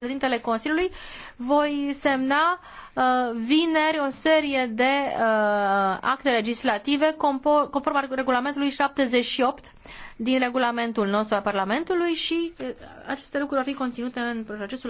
președintele Consiliului, voi semna uh, vineri o serie de uh, acte legislative conform regulamentului 78 din regulamentul nostru al Parlamentului și uh, aceste lucruri vor fi conținute în procesul